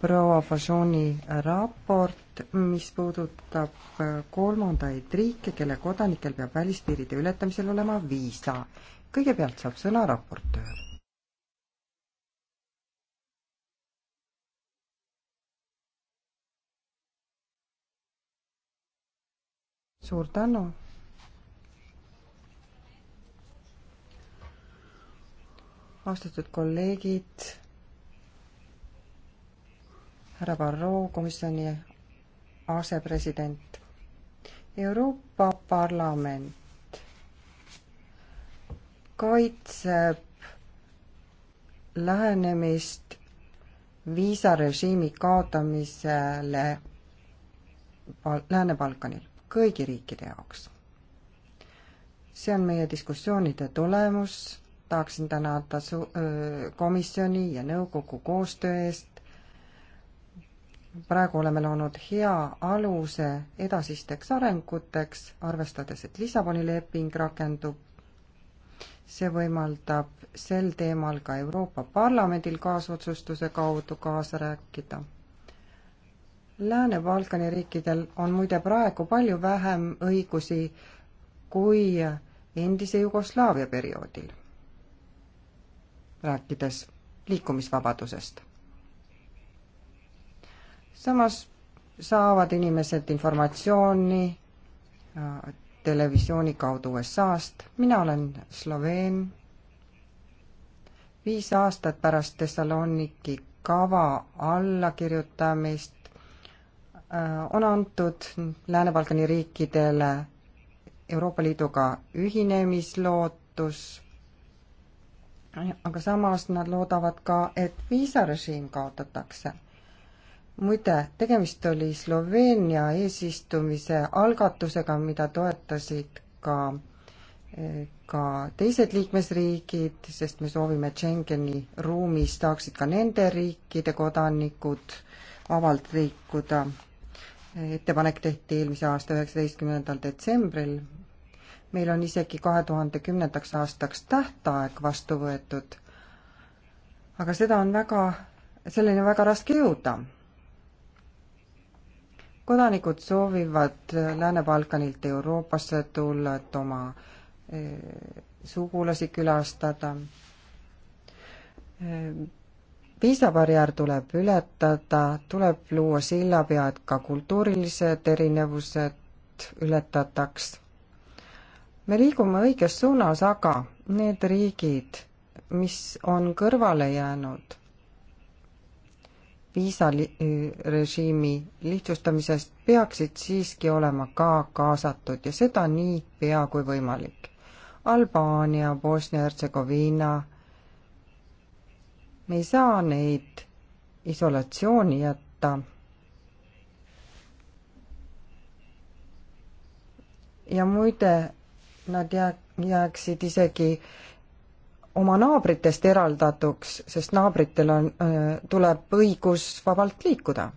proua Fajoni raport, mis puudutab äh, kolmandaid riike, kelle kodanikel peab välispiiride ületamisel olema viisa. kõigepealt saab sõna raportöör. suur tänu austatud kolleegid, härra Varro, komisjoni asepresident. Euroopa Parlament kaitseb lähenemist viisarežiimi kaotamisele Lääne-Balkanil kõigi riikide jaoks. see on meie diskussioonide tulemus, tahaksin tänada su-, komisjoni ja nõukogu koostöö eest, praegu oleme loonud hea aluse edasisteks arenguteks, arvestades, et Lissaboni leping rakendub. see võimaldab sel teemal ka Euroopa Parlamendil kaasotsustuse kaudu kaasa rääkida. Lääne-Balkani riikidel on muide praegu palju vähem õigusi kui endise Jugoslaavia perioodil, rääkides liikumisvabadusest samas saavad inimesed informatsiooni äh, televisiooni kaudu USA-st, mina olen Sloveen, viis aastat pärast Thessaloniki kava allakirjutamist äh, on antud Lääne-Balkani riikidele Euroopa Liiduga ühinemislootus, aga samas nad loodavad ka, et viisarežiim kaotatakse muide, tegemist oli Sloveenia eesistumise algatusega, mida toetasid ka ka teised liikmesriigid, sest me soovime, et Schengeni ruumis saaksid ka nende riikide kodanikud vabalt liikuda. ettepanek tehti eelmise aasta üheksateistkümnendal detsembril. meil on isegi kahe tuhande kümnendaks aastaks tähtaeg vastu võetud. aga seda on väga, selleni on väga raske jõuda kodanikud soovivad Lääne-Balkanilt Euroopasse tulla, et oma eh, sugulasi külastada. Eh, viisabarjäär tuleb ületada, tuleb luua sillapea, et ka kultuurilised erinevused ületataks. me liigume õiges suunas, aga need riigid, mis on kõrvale jäänud, viisarežiimi lihtsustamisest peaksid siiski olema ka kaasatud ja seda nii pea kui võimalik. Albaania, Bosnia-Hertsegoviina, me ei saa neid isolatsiooni jätta. ja muide, nad jää-, jääksid isegi oma naabritest eraldatuks, sest naabritel on, äh, tuleb õigus vabalt liikuda.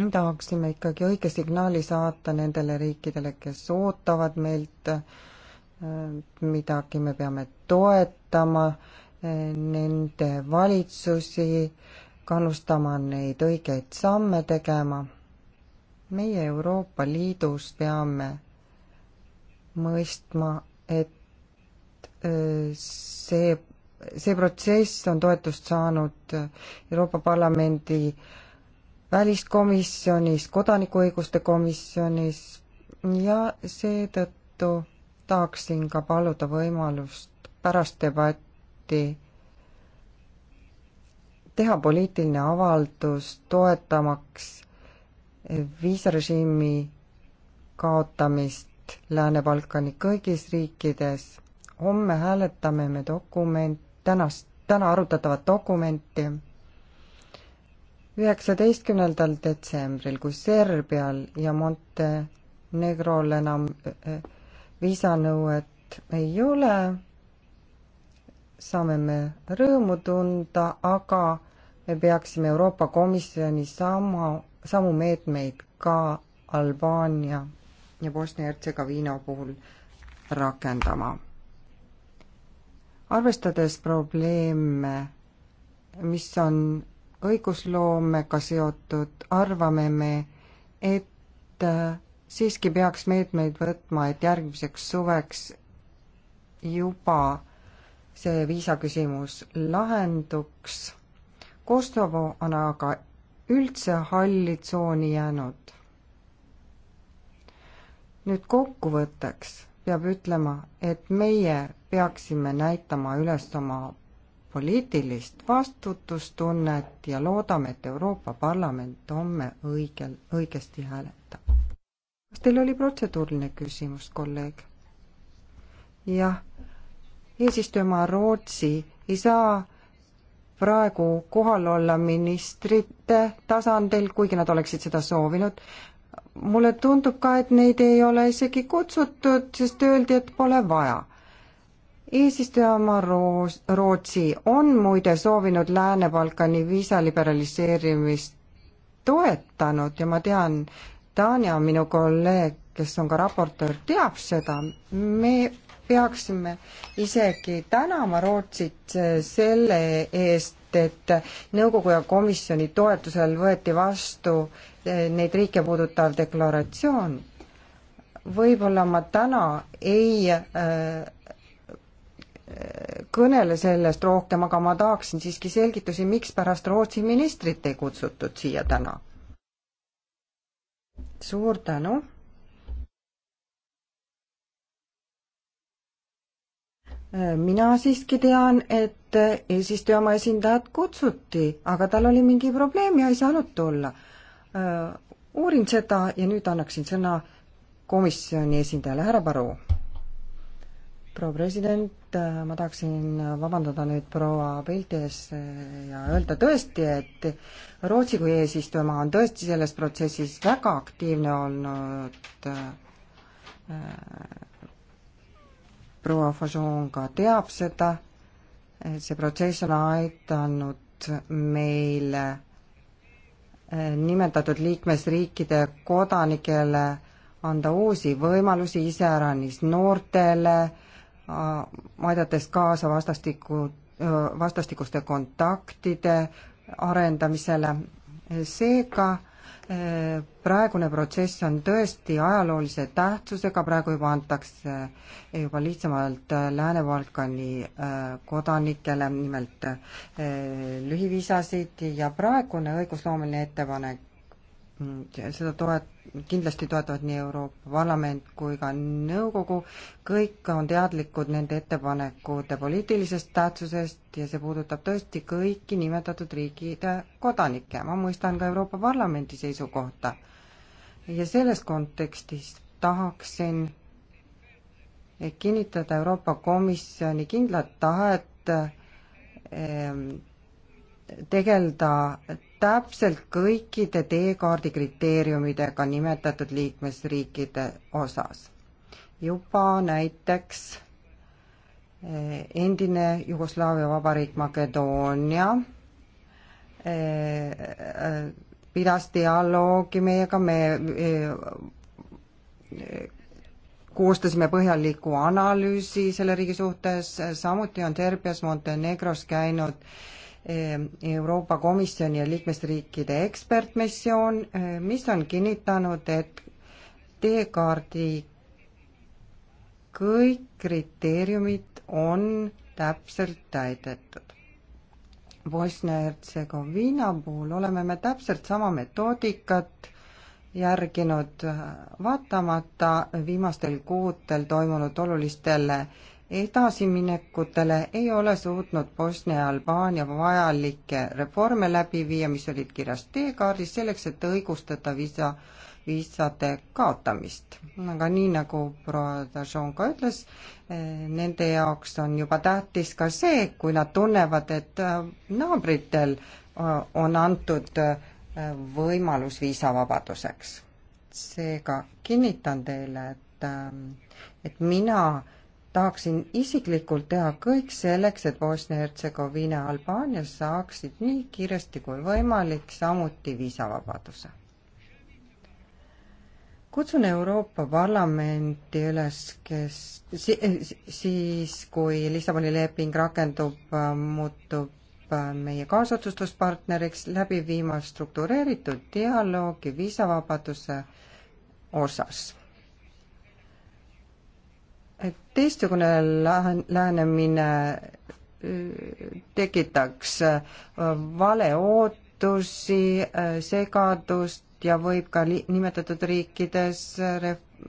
me tahaksime ikkagi õige signaali saata nendele riikidele, kes ootavad meilt äh, midagi, me peame toetama äh, nende valitsusi, kannustama neid õigeid samme tegema. meie Euroopa Liidus peame mõistma, et see, see protsess on toetust saanud Euroopa Parlamendi väliskomisjonis, kodanikuõiguste komisjonis ja seetõttu tahaksin ka paluda võimalust pärast debatti teha poliitiline avaldus toetamaks viisarežiimi kaotamist Lääne-Balkani kõigis riikides homme hääletame me dokument, tänast, täna arutatavat dokumenti üheksateistkümnendal detsembril, kui Serbial ja Montenegrol enam eh, viisanõuet ei ole, saame me rõõmu tunda, aga me peaksime Euroopa Komisjoni sama, samu meetmeid ka Albaania ja Bosnia-Hertsegoviina puhul rakendama arvestades probleeme, mis on õigusloomega seotud, arvame me, et äh, siiski peaks meetmeid võtma, et järgmiseks suveks juba see viisaküsimus lahenduks. Kosovo on aga üldse halli tsooni jäänud. nüüd kokkuvõtteks peab ütlema, et meie peaksime näitama üles oma poliitilist vastutustunnet ja loodame, et Euroopa Parlament homme õigel, õigesti hääletab. kas teil oli protseduuriline küsimus, kolleeg? jah, eesistujamaa Rootsi ei saa praegu kohal olla ministrite tasandil, kuigi nad oleksid seda soovinud mulle tundub ka, et neid ei ole isegi kutsutud, sest öeldi, et pole vaja. eesistujamaa Roos-, Rootsi on muide soovinud Lääne-Balkani viisa liberaliseerimist toetanud ja ma tean, Tanja, minu kolleeg, kes on ka raportöör, teab seda, me peaksime isegi tänama Rootsit selle eest, et nõukogu ja komisjoni toetusel võeti vastu eh, neid riike puudutav deklaratsioon. võib-olla ma täna ei eh, kõnele sellest rohkem, aga ma tahaksin siiski selgitusi, mikspärast Rootsi ministrit ei kutsutud siia täna. suur tänu mina siiski tean, et eesistuja oma esindajat kutsuti, aga tal oli mingi probleem ja ei saanud tulla. Äh, uurin seda ja nüüd annaksin sõna komisjoni esindajale, härra Paru. proua president, äh, ma tahaksin vabandada nüüd proua pildi ees äh, ja öelda tõesti, et Rootsi kui eesistujamaa on tõesti selles protsessis väga aktiivne olnud proua Fajon ka teab seda, see protsess on aidanud meil eh, nimetatud liikmesriikide kodanikele anda uusi võimalusi iseäranis noortele, aidates kaasa vastastiku, vastastikuste kontaktide arendamisele. seega praegune protsess on tõesti ajaloolise tähtsusega, praegu juba antakse juba lihtsamalt Lääne-Balkani äh, kodanikele nimelt äh, lühiviisasid ja praegune õigusloomeline ettepanek seda toet-, kindlasti toetavad nii Euroopa Parlament kui ka nõukogu, kõik on teadlikud nende ettepanekute poliitilisest tähtsusest ja see puudutab tõesti kõiki nimetatud riikide kodanikke. ma mõistan ka Euroopa Parlamendi seisukohta. ja selles kontekstis tahaksin kinnitada Euroopa Komisjoni kindlat tahet ehm, tegeleda täpselt kõikide teekaardi kriteeriumidega nimetatud liikmesriikide osas. juba näiteks eh, endine Jugoslaavia vabariik Makedoonia eh, eh, pidas dialoogi meiega, me koostasime põhjaliku analüüsi selle riigi suhtes, samuti on Serbias, Montenegros käinud äh, Ehm, Euroopa Komisjoni ja liikmesriikide ekspertmissioon, ehm, mis on kinnitanud, et teekaardi kõik kriteeriumid on täpselt täidetud. Bosnia-Hertsegoviina puhul oleme me täpselt sama metoodikat järginud, vaatamata viimastel kuudel toimunud olulistele äh, edasiminekutele ei ole suutnud Bosnia ja Albaania vajalikke reforme läbi viia, mis olid kirjas teekaardis, selleks et õigustada viisa, viisade kaotamist. aga nii, nagu proua Dajon ka ütles, eh, nende jaoks on juba tähtis ka see, kui nad tunnevad, et eh, naabritel eh, on antud võimalus viisavabaduseks. seega kinnitan teile, et, et mina äh, tahaksin isiklikult teha kõik selleks, et Bosnia-Hertsegoviina ja Albaania saaksid nii kiiresti kui võimalik samuti viisavabaduse. kutsun Euroopa Parlamenti üles, kes si, siis, kui Lissaboni leping rakendub, muutub meie kaasotsustuspartneriks läbi viima struktureeritud dialoogi viisavabaduse osas teistsugune lähenemine äh, tekitaks äh, valeootusi, äh, segadust ja võib ka li-, nimetatud riikides ref-,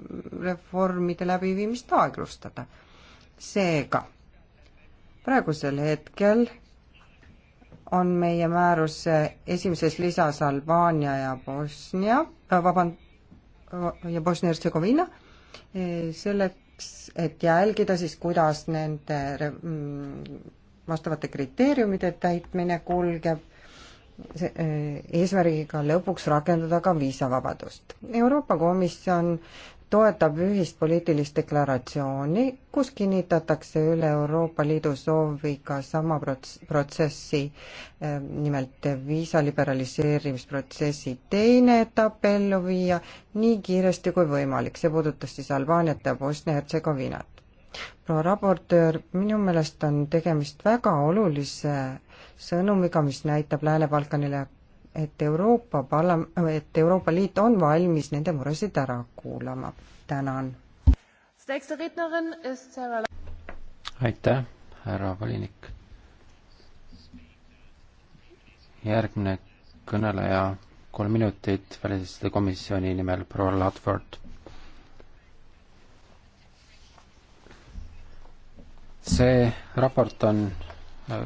reformide läbiviimist aeglustada. seega, praegusel hetkel on meie määruse esimeses lisas Albaania ja Bosnia, vabandust, ja Bosnia-Hertsegoviina, selle selleks, et jälgida siis, kuidas nende mm, vastavate kriteeriumide täitmine kulgeb, äh, eesmärgiga lõpuks rakendada ka viisavabadust. Euroopa Komisjon toetab ühist poliitilist deklaratsiooni, kus kinnitatakse üle Euroopa Liidu sooviga sama prots-, protsessi, ehm, nimelt viisa liberaliseerimisprotsessi teine etapp ellu viia nii kiiresti kui võimalik, see puudutas siis Albaaniat ja Bosnia-Hertsegoviinat. proua raportöör, minu meelest on tegemist väga olulise sõnumiga, mis näitab Lääne-Balkanile et Euroopa parlam-, et Euroopa Liit on valmis nende muresid ära kuulama. tänan. aitäh, härra volinik. järgmine kõneleja, kolm minutit välisasjade komisjoni nimel, proua Ladford. see raport on äh,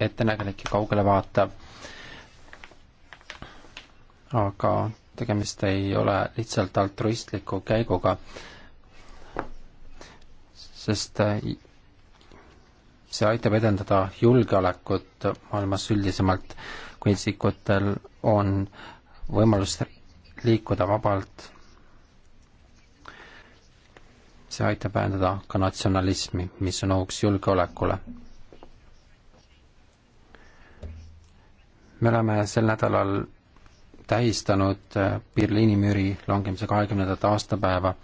ettenägelik ja kaugele vaatav aga tegemist ei ole lihtsalt altruistliku käiguga, sest äh, see aitab edendada julgeolekut maailmas üldisemalt, kui isikutel on võimalus liikuda vabalt. see aitab vähendada ka natsionalismi, mis on ohuks julgeolekule. me oleme sel nädalal tähistanud äh, Berliini müüri langemise kahekümnendat aastapäeva.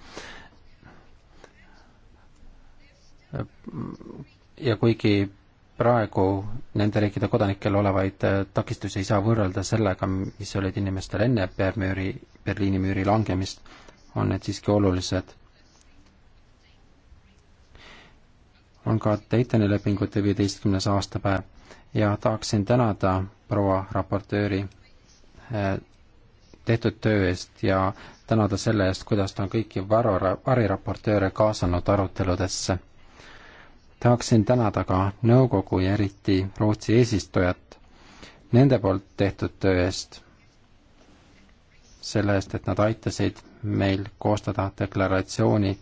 ja kuigi praegu nende riikide kodanikel olevaid äh, takistusi ei saa võrrelda sellega, mis olid inimestel enne Bermüüri, Berliini müüri langemist, on need siiski olulised. on ka Daytoni lepingute viieteistkümnes aastapäev ja tahaksin tänada proua raportööri Äh, tehtud töö eest ja tänada selle eest, kuidas ta on kõiki varo-, variraportööre kaasanud aruteludesse. tahaksin tänada ka nõukogu ja eriti Rootsi eesistujat nende poolt tehtud töö eest, selle eest, et nad aitasid meil koostada deklaratsiooni,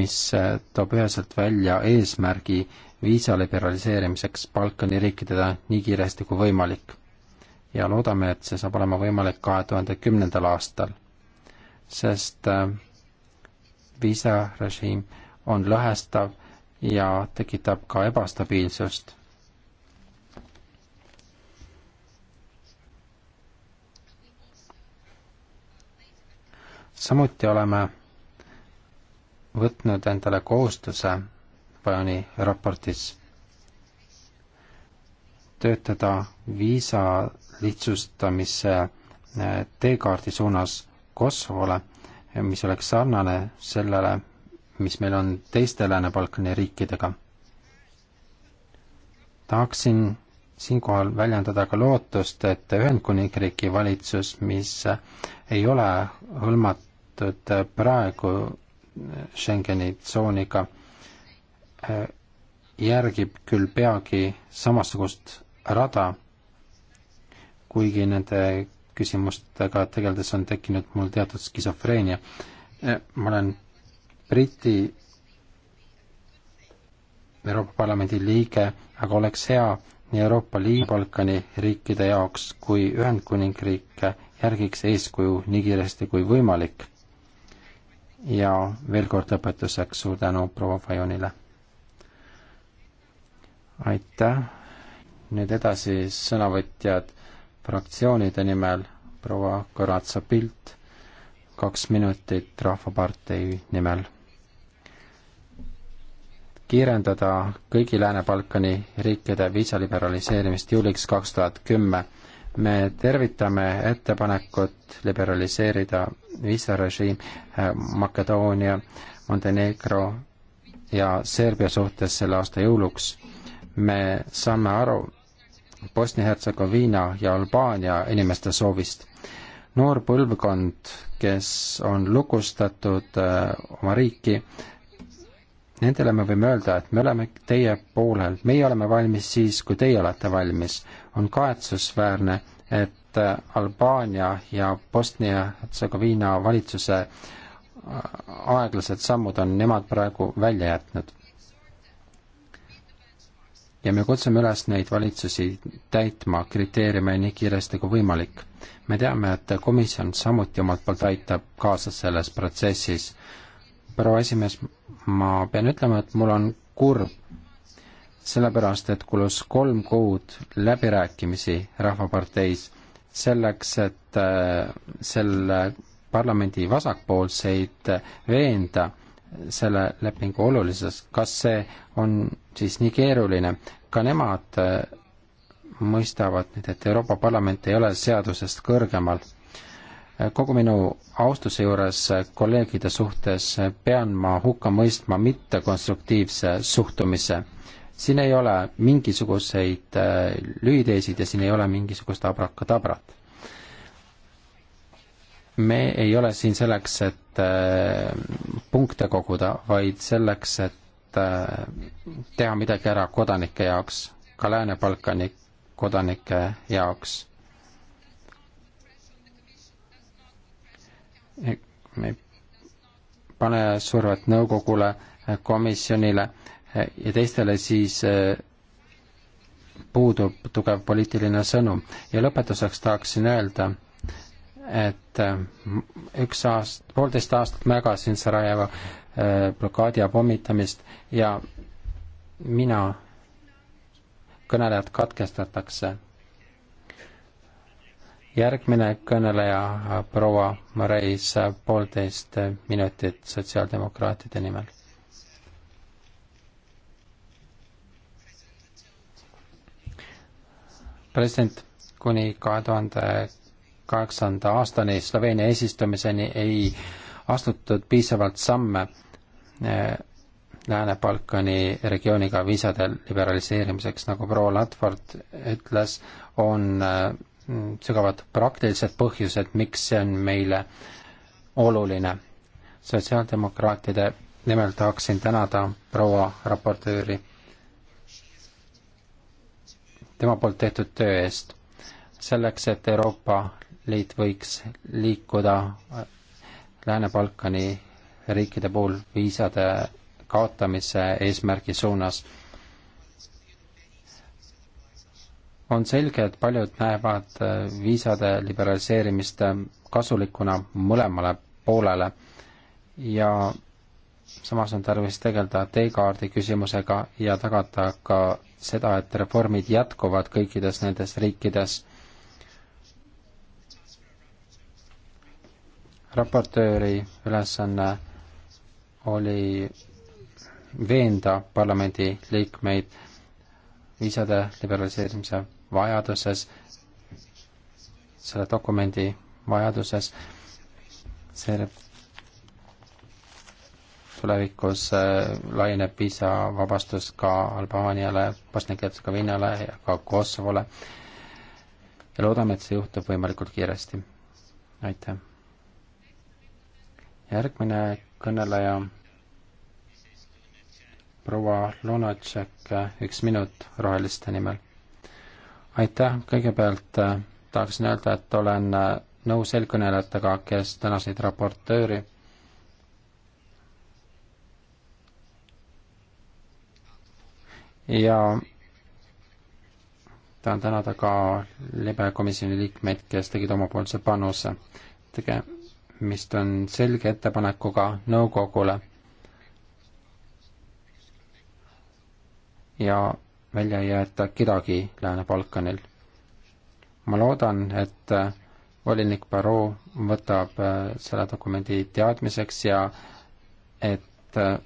mis äh, toob üheselt välja eesmärgi viisa liberaliseerimiseks Balkani riikidele nii kiiresti kui võimalik ja loodame, et see saab olema võimalik kahe tuhande kümnendal aastal, sest äh, viisarežiim on lõhestav ja tekitab ka ebastabiilsust. samuti oleme võtnud endale kohustuse Bajani raportis töötada viisa lihtsustamise eh, teekaardi suunas Kosovole, eh, mis oleks sarnane sellele, mis meil on teiste Lääne-Balkani riikidega. tahaksin siinkohal väljendada ka lootust, et Ühendkuningriigi valitsus, mis eh, ei ole hõlmatud praegu Schengeni tsooniga, järgib küll peagi samasugust rada kuigi nende küsimustega tegeldes on tekkinud mul teatud skisofreenia. Eh, ma olen Briti Euroopa Parlamendi liige, aga oleks hea nii Euroopa Liidu Balkani riikide jaoks kui Ühendkuningriik järgiks eeskuju nii kiiresti kui võimalik. ja veel kord lõpetuseks suur tänu proua Fajonile. aitäh, nüüd edasi sõnavõtjad fraktsioonide nimel proua Karatsa Pilt, kaks minutit Rahvapartei nimel. kiirendada kõigi Lääne-Balkani riikide viisaliberaliseerimist juuliks kaks tuhat kümme. me tervitame ettepanekut liberaliseerida viisarežiim äh, Makedoonia, Montenegro ja Serbia suhtes selle aasta jõuluks. me saame aru, Bosnia-Hertsegoviina ja Albaania inimeste soovist. noor põlvkond, kes on lukustatud äh, oma riiki, nendele me võime öelda, et me oleme teie poolel, meie oleme valmis siis, kui teie olete valmis. on kahetsusväärne, et äh, Albaania ja Bosnia-Hertsegoviina valitsuse äh, aeglased sammud on nemad praegu välja jätnud ja me kutsume üles neid valitsusi täitma kriteeriume nii kiiresti kui võimalik. me teame, et komisjon samuti omalt poolt aitab kaasa selles protsessis. proua esimees, ma pean ütlema, et mul on kurb, sellepärast et kulus kolm kuud läbirääkimisi Rahvaparteis selleks, et äh, selle parlamendi vasakpoolseid veenda selle lepingu olulisus, kas see on siis nii keeruline, ka nemad äh, mõistavad nüüd, et Euroopa Parlament ei ole seadusest kõrgemal. Äh, kogu minu austuse juures äh, kolleegide suhtes pean ma hukka mõistma mittekonstruktiivse suhtumise. siin ei ole mingisuguseid lühiteesid ja siin ei ole mingisugust abrakadabrat me ei ole siin selleks, et äh, punkte koguda, vaid selleks, et äh, teha midagi ära kodanike jaoks, ka Lääne-Balkani kodanike jaoks. me ei pane survet nõukogule, komisjonile ja teistele, siis äh, puudub tugev poliitiline sõnum. ja lõpetuseks tahaksin öelda, et äh, üks aast-, poolteist aastat mägasin Sarajeva äh, blokaadi ja pommitamist ja mina, kõnelejad katkestatakse. järgmine kõneleja, proua Mareis, poolteist minutit sotsiaaldemokraatide nimel president kuni kahe tuhande kaheksanda aastani, Sloveenia eesistumiseni ei astutud piisavalt samme eh, Lääne-Balkani regiooniga viisade liberaliseerimiseks, nagu proua Latford ütles, on mm, sügavad praktilised põhjused, miks see on meile oluline. sotsiaaldemokraatide nimel tahaksin tänada proua raportööri tema poolt tehtud töö eest. selleks, et Euroopa liit võiks liikuda äh, Lääne-Balkani riikide puhul viisade kaotamise eesmärgi suunas. on selge, et paljud näevad äh, viisade liberaliseerimist äh, kasulikuna mõlemale poolele ja samas on tarvis tegeleda teekaardi küsimusega ja tagada ka seda, et reformid jätkuvad kõikides nendes riikides raportööri ülesanne oli veenda parlamendi liikmeid viisade liberaliseerimise vajaduses, selle dokumendi vajaduses, see tulevikus äh, laieneb viisavabastus ka Albaaniale, Bosnia-Hertsegoviinale ja ka Kosovole. ja loodame, et see juhtub võimalikult kiiresti. aitäh! järgmine kõneleja, proua Lunatšek, üks minut roheliste nimel. aitäh, kõigepealt äh, tahaksin öelda, et olen äh, nõus eelkõnelejatega, kes tänaseid raportööri ja tahan tänada ka libe komisjoni liikmeid, kes tegid omapoolse panuse. tege-, tegemist on selge ettepanekuga nõukogule. ja välja ei jäeta kedagi Lääne-Balkanil. ma loodan, et äh, volinik Barrot võtab äh, selle dokumendi teadmiseks ja et äh,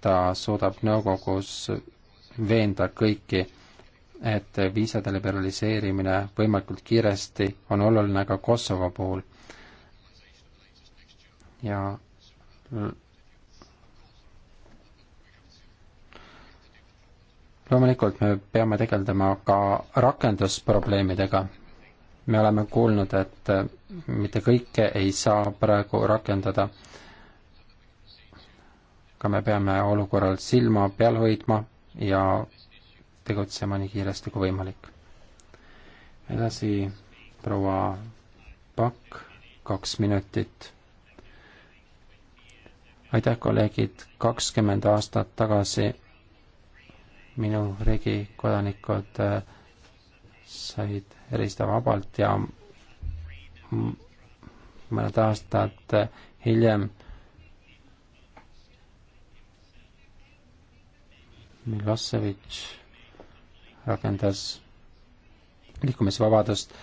ta suudab nõukogus veenda kõiki, et viisade liberaliseerimine võimalikult kiiresti on oluline ka Kosovo puhul ja äh, loomulikult me peame tegeldama ka rakendusprobleemidega. me oleme kuulnud, et äh, mitte kõike ei saa praegu rakendada. aga me peame olukorral silma peal hoidma ja tegutsema nii kiiresti kui võimalik. edasi proua Pakk, kaks minutit aitäh, kolleegid, kakskümmend aastat tagasi minu riigi kodanikud äh, said eristada vabalt ja mõned aastad äh, hiljem Milosevic rakendas liikumisvabadust.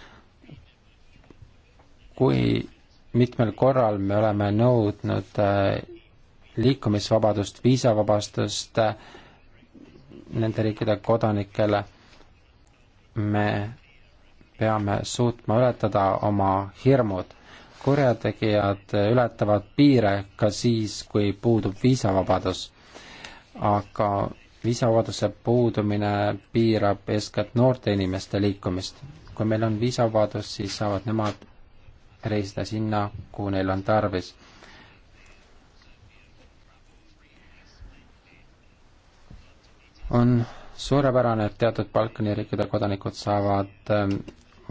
kui mitmel korral me oleme nõudnud äh, liikumisvabadust, viisavabastust äh, nende riikide kodanikele. me peame suutma ületada oma hirmud. kurjategijad ületavad piire ka siis, kui puudub viisavabadus. aga viisavabaduse puudumine piirab eeskätt noorte inimeste liikumist. kui meil on viisavabadus, siis saavad nemad reisida sinna, kuhu neil on tarvis on suurepärane, et teatud Balkani riikide kodanikud saavad ähm,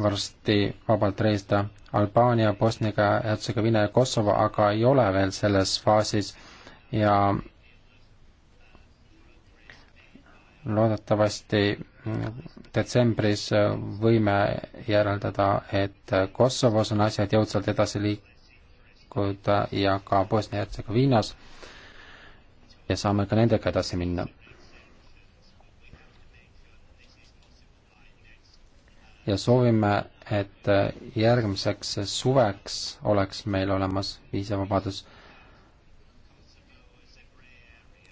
varsti vabalt reisida Albaania, Bosniaga, Hertsegoviina ja Kosovo, aga ei ole veel selles faasis ja loodetavasti mm, detsembris äh, võime järeldada, et äh, Kosovos on asjad jõudsalt edasi liikuda ja ka Bosnia-Hertsegoviinas ja saame ka nendega edasi minna ja soovime, et järgmiseks suveks oleks meil olemas viisavabadus.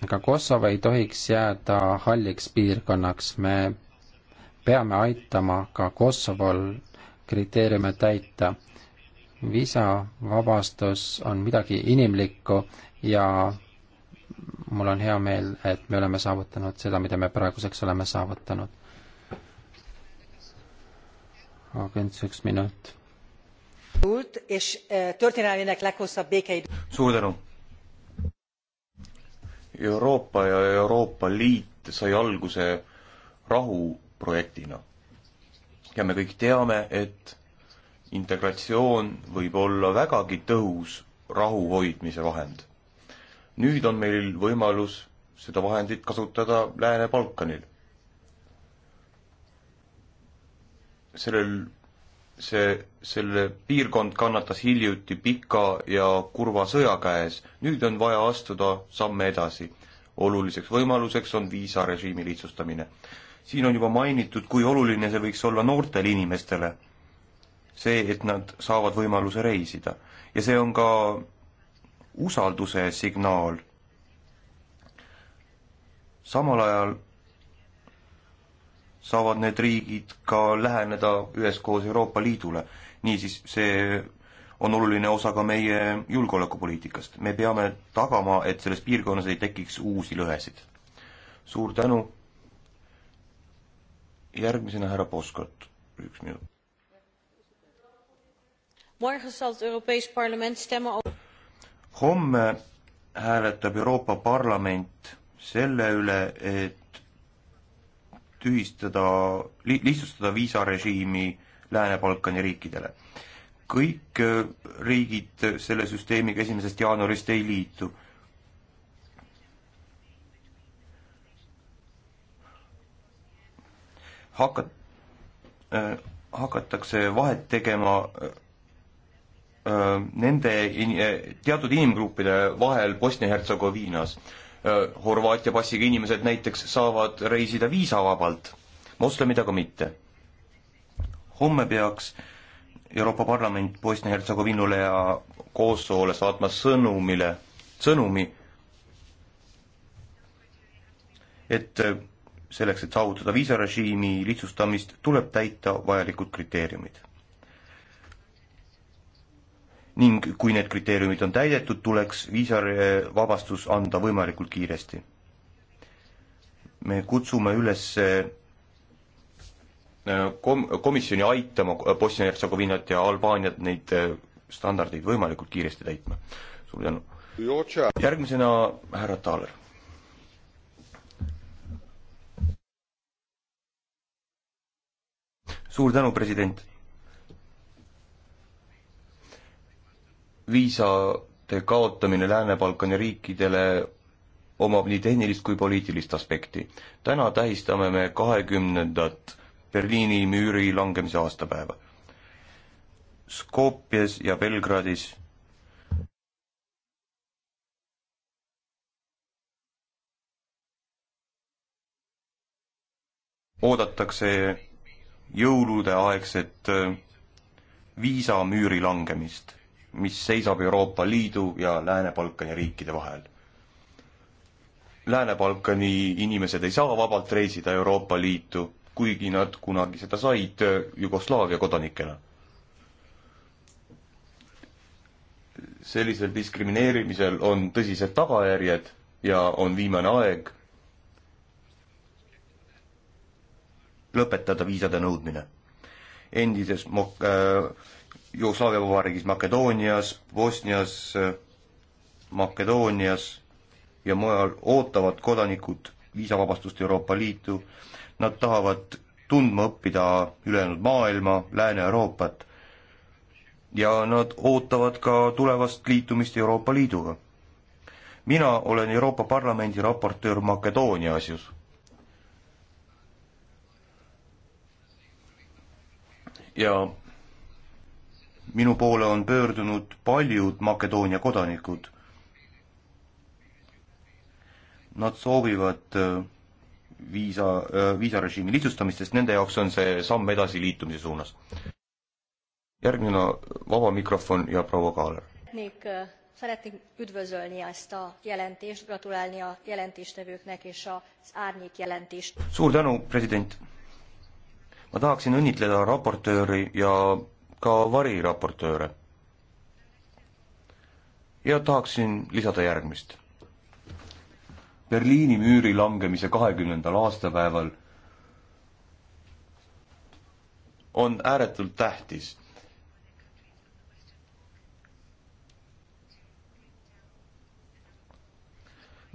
aga Kosovo ei tohiks jääda halliks piirkonnaks, me peame aitama ka Kosovol kriteeriume täita. viisavabastus on midagi inimlikku ja mul on hea meel, et me oleme saavutanud seda, mida me praeguseks oleme saavutanud kolmkümmend minut. E, suur tänu. Euroopa ja Euroopa Liit sai alguse rahuprojektina ja me kõik teame, et integratsioon võib olla vägagi tõhus rahu hoidmise vahend. nüüd on meil võimalus seda vahendit kasutada Lääne-Balkanil sellel, see, selle piirkond kannatas hiljuti pika ja kurva sõja käes, nüüd on vaja astuda samme edasi. oluliseks võimaluseks on viisarežiimi lihtsustamine. siin on juba mainitud, kui oluline see võiks olla noortele inimestele. see, et nad saavad võimaluse reisida ja see on ka usalduse signaal. samal ajal saavad need riigid ka läheneda üheskoos Euroopa Liidule. niisiis, see on oluline osa ka meie julgeolekupoliitikast. me peame tagama, et selles piirkonnas ei tekiks uusi lõhesid. suur tänu. järgmisena härra Poskot, üks minut. homme hääletab Euroopa Parlament selle üle, et tühistada, lihtsustada viisarežiimi Lääne-Balkani riikidele. kõik äh, riigid selle süsteemiga esimesest jaanuarist ei liitu. hakat- äh,, hakatakse vahet tegema äh, nende in-, teatud inimgruppide vahel Bosnia-Hertsegoviinas äh, Äh, Horvaatia passiga inimesed näiteks saavad reisida viisavabalt, moslemid aga mitte. homme peaks Euroopa Parlament Bosnia-Hertsegoviinule ja Kosovole saatma sõnumile, sõnumi, et äh, selleks, et saavutada viisarežiimi lihtsustamist, tuleb täita vajalikud kriteeriumid ning kui need kriteeriumid on täidetud, tuleks viisavabastus anda võimalikult kiiresti. me kutsume üles äh, kom-, komisjoni aitama Bosnia-Hertsegoviinat ja Albaaniat neid äh, standardeid võimalikult kiiresti täitma. suur tänu. järgmisena härra Taaler. suur tänu, president viisade kaotamine Lääne-Balkani riikidele omab nii tehnilist kui poliitilist aspekti. täna tähistame me kahekümnendat Berliini müüri langemise aastapäeva. Skopjes ja Belgradis oodatakse jõulude aegset äh, viisamüüri langemist mis seisab Euroopa Liidu ja Lääne-Balkani riikide vahel. Lääne-Balkani inimesed ei saa vabalt reisida Euroopa Liitu, kuigi nad kunagi seda said Jugoslaavia kodanikena. sellisel diskrimineerimisel on tõsised tagajärjed ja on viimane aeg lõpetada viisade nõudmine. endises Mok- äh,, Jugoslaavia vabariigis Makedoonias, Bosnias, äh, Makedoonias ja mujal ootavad kodanikud viisavabastust Euroopa Liitu. Nad tahavad tundma õppida ülejäänud maailma, Lääne-Euroopat ja nad ootavad ka tulevast liitumist Euroopa Liiduga. mina olen Euroopa Parlamendi raportöör Makedoonia asjus. ja minu poole on pöördunud paljud Makedoonia kodanikud. Nad soovivad äh, viisa, äh, viisarežiimi lihtsustamist, sest nende jaoks on see samm edasi liitumise suunas. järgmine vaba mikrofon ja proua Kaaler. Äh, szeretném üdvözölni ezt a jelentést, gratulálni a jelentéstevőknek és az árnyék jelentést. Suur tänu, president! Ma tahaksin õnnitleda raportööri ja ka variraportööre. ja tahaksin lisada järgmist. Berliini müüri langemise kahekümnendal aastapäeval on ääretult tähtis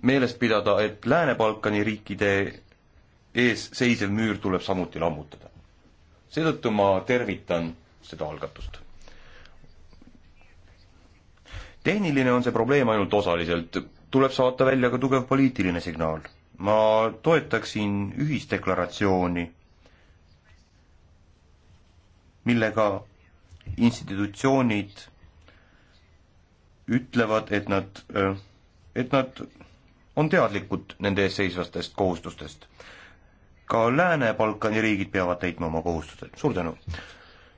meeles pidada, et Lääne-Balkani riikide ees seisev müür tuleb samuti lammutada. seetõttu ma tervitan seda algatust. tehniline on see probleem ainult osaliselt, tuleb saata välja ka tugev poliitiline signaal. ma toetaksin ühisdeklaratsiooni, millega institutsioonid ütlevad, et nad, äh, et nad on teadlikud nende ees seisvastest kohustustest. ka Lääne-Balkani riigid peavad täitma oma kohustused, suur tänu!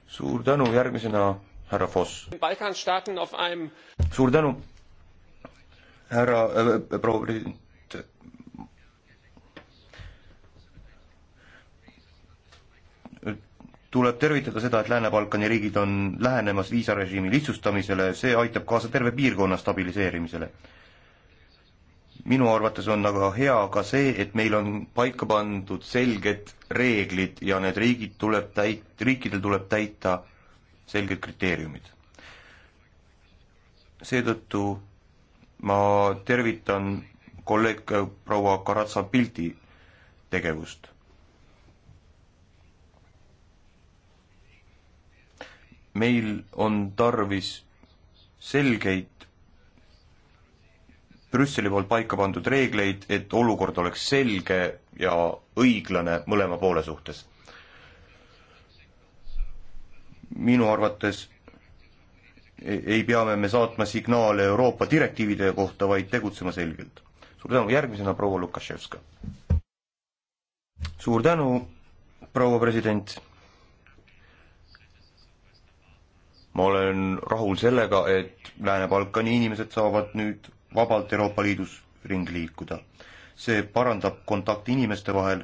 suur tänu, järgmisena härra Foss. suur tänu, härra äh, äh, proua president. tuleb tervitada seda, et Lääne-Balkani riigid on lähenemas viisarežiimi lihtsustamisele, see aitab kaasa terve piirkonna stabiliseerimisele minu arvates on aga hea ka see, et meil on paika pandud selged reeglid ja need riigid tuleb täit-, riikidel tuleb täita selged kriteeriumid. seetõttu ma tervitan kolleeg proua Karatsa Pildi tegevust. meil on tarvis selgeid Brüsseli poolt paika pandud reegleid, et olukord oleks selge ja õiglane mõlema poole suhtes. minu arvates e-, ei pea me saatma signaale Euroopa direktiivide kohta, vaid tegutsema selgelt. suur tänu, järgmisena proua Lukaševska. suur tänu, proua president. ma olen rahul sellega, et Lääne-Balkani inimesed saavad nüüd vabalt Euroopa Liidus ringi liikuda. see parandab kontakti inimeste vahel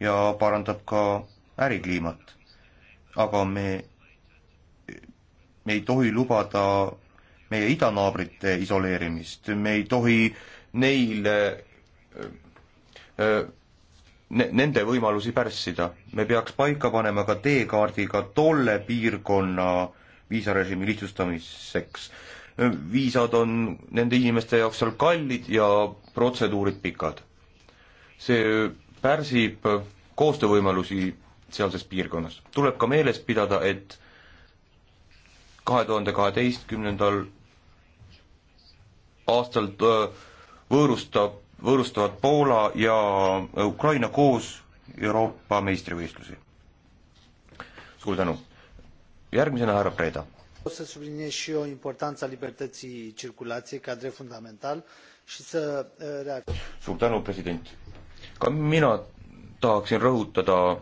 ja parandab ka ärikliimat. aga me, me ei tohi lubada meie idanaabrite isoleerimist, me ei tohi neile äh, äh, ne-, nende võimalusi pärssida. me peaks paika panema ka teekaardiga tolle piirkonna viisarežiimi lihtsustamiseks viisad on nende inimeste jaoks seal kallid ja protseduurid pikad. see pärsib koostöövõimalusi sealses piirkonnas. tuleb ka meeles pidada, et kahe tuhande kaheteistkümnendal aastal äh, võõrustab, võõrustavad Poola ja Ukraina koos Euroopa meistrivõistlusi. suur tänu. järgmisena härra Preda Vreau să subliniez și eu importanța libertății circulației ca drept fundamental și să uh, reacționez. Suur tänu, president. Ka mina tahaksin rõhutada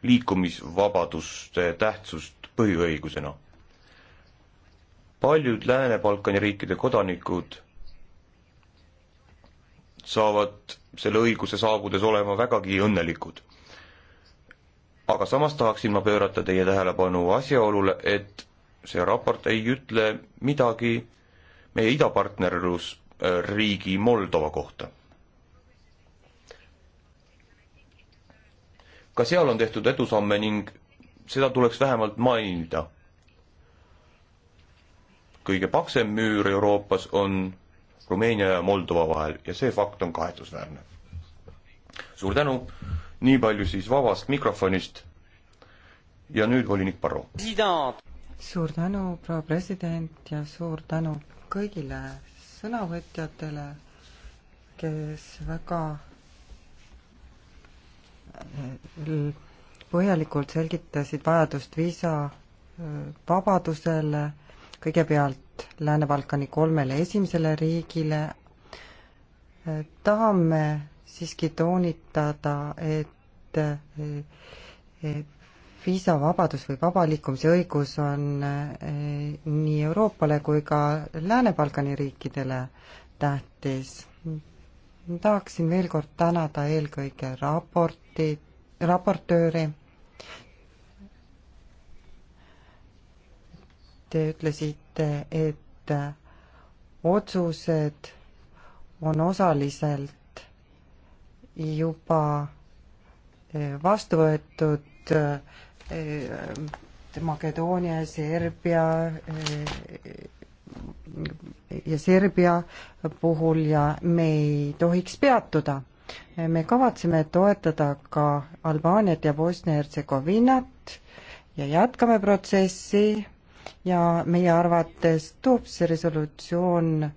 liikumisvabaduste tähtsust põhiõigusena. paljud Lääne-Balkani riikide kodanikud saavad selle õiguse saabudes olema vägagi õnnelikud. aga samas tahaksin ma pöörata teie tähelepanu asjaolule, et see raport ei ütle midagi meie idapartnerlusriigi äh, Moldova kohta. ka seal on tehtud edusamme ning seda tuleks vähemalt mainida. kõige paksem müür Euroopas on Rumeenia ja Moldova vahel ja see fakt on kahetsusväärne. suur tänu, nii palju siis vabast mikrofonist. ja nüüd volinik Barro suur tänu, proua president ja suur tänu kõigile sõnavõtjatele, kes väga äh, põhjalikult selgitasid vajadust viisavabadusele, äh, kõigepealt Lääne-Balkani kolmele esimesele riigile. Äh, tahame siiski toonitada, et, et viisavabadus või vaba liikumise õigus on eh, nii Euroopale kui ka Lääne-Balkani riikidele tähtis. tahaksin veel kord tänada eelkõige raporti, raportööri. Te ütlesite, et otsused on osaliselt juba eh, vastu võetud äh, Äh, Makedoonia ja Serbia äh, ja Serbia puhul ja me ei tohiks peatuda. me kavatseme toetada ka Albaaniat ja Bosnia-Hertsegoviinat ja jätkame protsessi ja meie arvates toob see resolutsioon äh,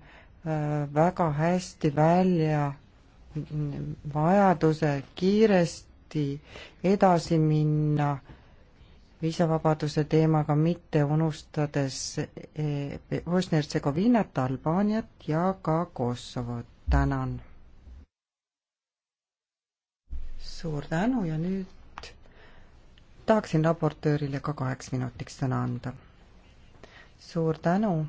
väga hästi välja vajaduse kiiresti edasi minna viisavabaduse teemaga, mitte unustades e, e, Bosnia-Hertsegoviinat, Albaaniat ja ka Kosovot. tänan! suur tänu ja nüüd tahaksin raportöörile ka kaheks minutiks sõna anda. suur tänu!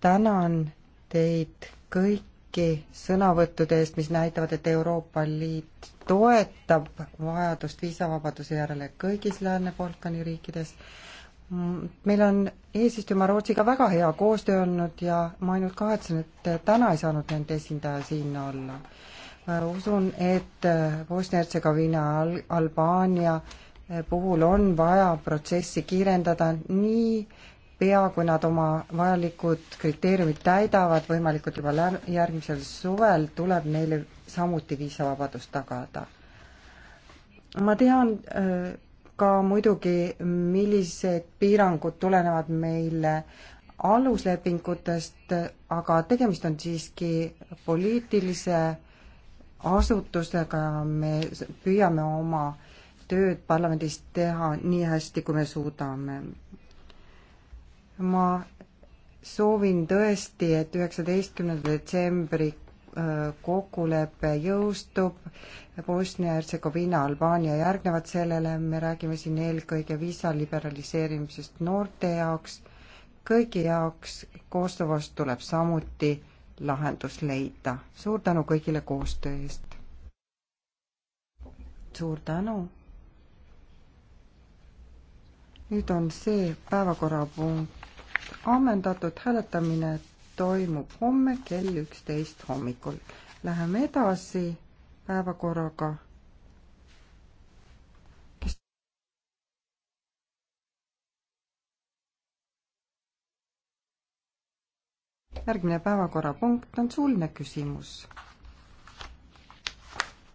tänan teid kõiki kõiki sõnavõttude eest, mis näitavad, et Euroopa Liit toetab vajadust viisavabaduse järele kõigis Lääne-Balkani riikides. meil on eesistuja Rootsiga väga hea koostöö olnud ja ma ainult kahetsen, et täna ei saanud nende esindaja siin olla. usun, et Bosnia-Hertsegoviina Al, Albaania puhul on vaja protsessi kiirendada nii, pea, kui nad oma vajalikud kriteeriumid täidavad, võimalikult juba lär-, järgmisel suvel, tuleb neile samuti viisavabadus tagada. ma tean äh, ka muidugi, millised piirangud tulenevad meile aluslepingutest, aga tegemist on siiski poliitilise asutusega, me püüame oma tööd parlamendis teha nii hästi, kui me suudame ma soovin tõesti, et üheksateistkümnenda detsembri äh, kokkulepe jõustub, Bosnia-Hertsegoviina, Albaania järgnevad sellele, me räägime siin eelkõige viisa liberaliseerimisest noorte jaoks, kõigi jaoks Kosovos tuleb samuti lahendus leida. suur tänu kõigile koostöö eest! suur tänu! nüüd on see päevakorrapunkt ammendatud hääletamine toimub homme kell üksteist hommikul. Läheme edasi päevakorraga. järgmine päevakorrapunkt on suuline küsimus